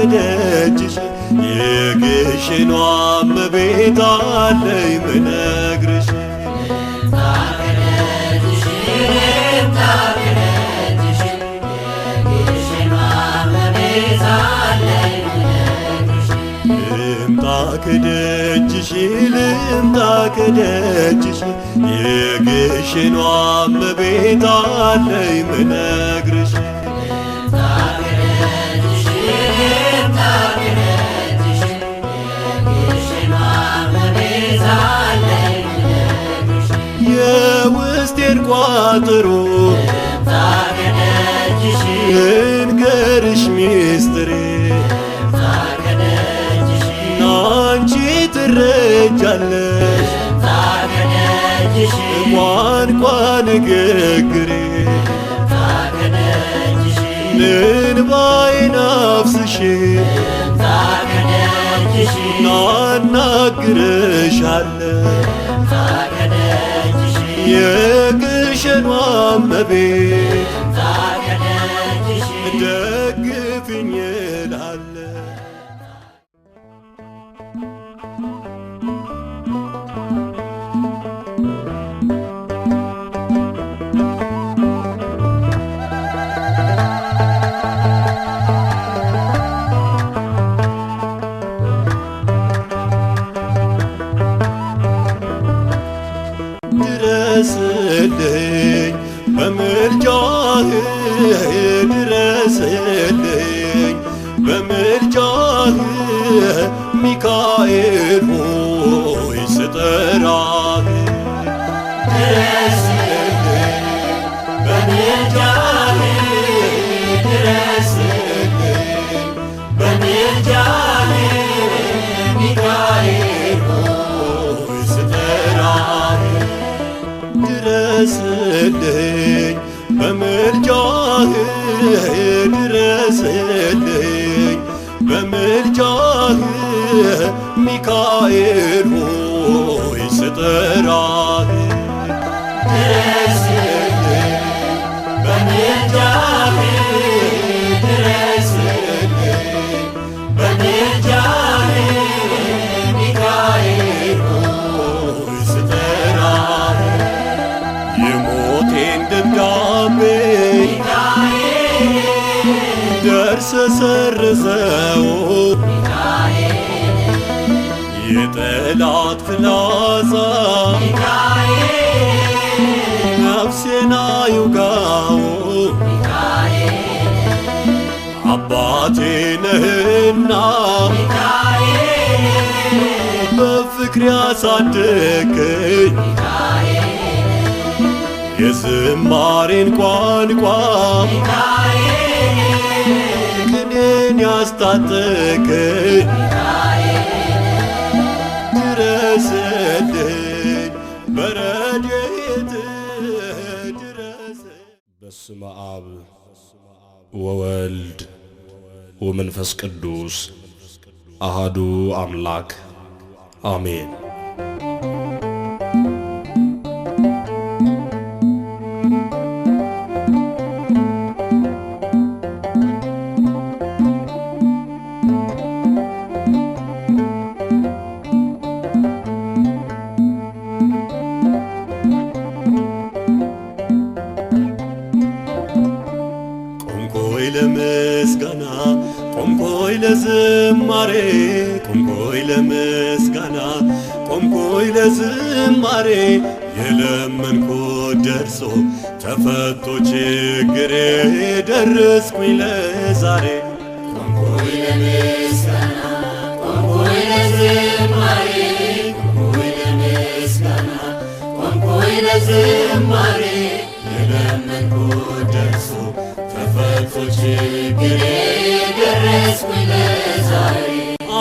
ከደጅሽ የግሽኗ እመቤት አለኝ ምነግርሽ ከደጅሽ ልምጣ ከደጅሽ የግሽኗ እመቤት አለኝ ምነግርሽ ጥሩ እንገርሽ ሚስጥሬ አንቺ ትረጃለሽ ቋንቋ ንግግሬ እንባዬን አፍስሼ ናናግርሻለሁ شنو عم ببيت ድረስልኝ በምልጃህ ድረስልኝ በምልጃህ ሚካኤል ሆይ ስጠራ ድረስልኝ በምልጃህ ድረስልኝ በምልጃህ ሚካኤል ሆይ ስጠራህ ያዘው የጠላት ፍላጻ ነፍሴና ይውጋው አባቴ ነህና በፍቅር ያሳደገኝ የዝማሬን ቋንቋ እኔን ያስታጠቅ ድረስ። በስመ አብ ወወልድ ወመንፈስ ቅዱስ አሃዱ አምላክ አሜን። ቆምቆይ ለዝማሬ ቆምቆይ ለምስጋና ቆምቆይ ለዝማሬ የለመንኮ ደርሶ ተፈቶ ችግሬ ደረስኩኝ ለዛሬ ቆምቆይ ለምስጋና ቆምቆይ ለዝማሬ ቆምቆይ ለምስጋና ቆምቆይ ለዝማሬ የለመንኮ ደርሶ በክፉ ችግሬ ደረስኩኝ ለዛሬ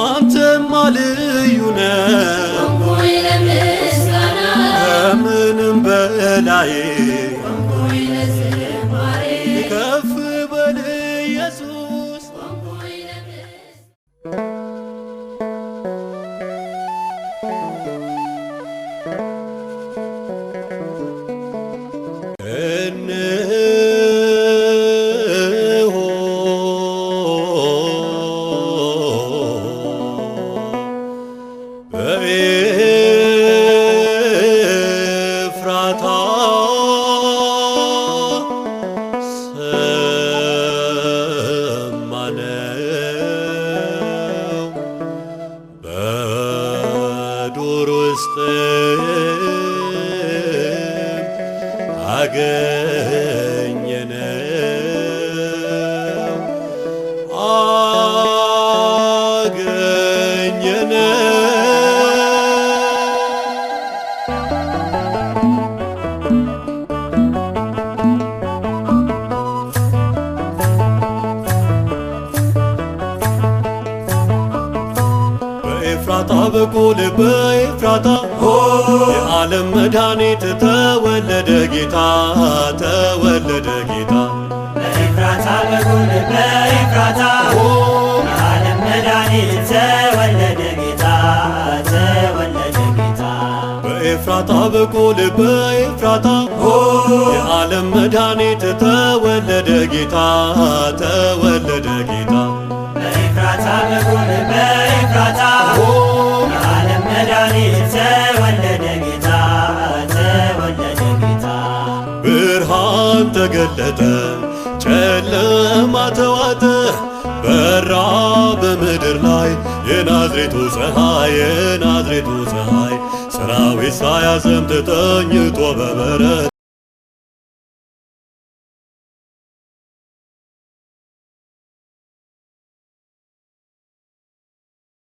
አንተማ ልዩ ነህ ከምንም በላይ በቁ ልበ ኤፍራታ የዓለም መድኃኒት ተወለደ ጌታ ተወለደ ጌታ በኤፍራታ በቁ ልበ ኤፍራታ የዓለም መድኃኒት ተወለደ ጌታ ተወለደ ጌታ በኤፍራታ በቁ ልበ ኤፍራታ የዓለም መድኃኒት ተወለደ ጌታ ተወለደ ጌታ በኤፍራታ በቁ ልበ ኤፍራታ መድኃኒት ብርሃን ተገለጠ ጨለማ ተዋጠ በራ በምድር ላይ የናዝሬቱ ፀሐይ የናዝሬቱ ፀሐይ ሰራዊት ሳያሰምጥ ተኝቶ በበረ